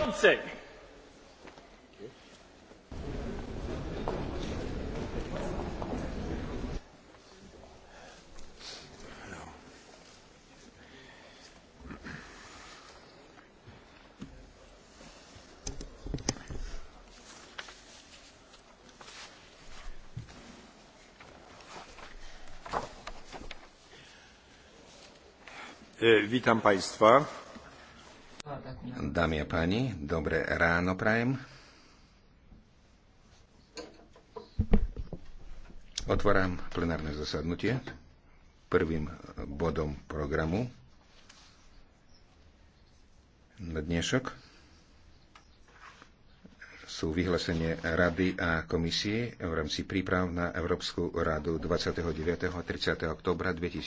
przewodniczący! E, witam Państwa. Dámy a páni, dobré ráno prajem. Otváram plenárne zasadnutie prvým bodom programu na dnešok sú vyhlásenie Rady a komisie v rámci príprav na Európsku radu 29. a 30. oktobra 2000.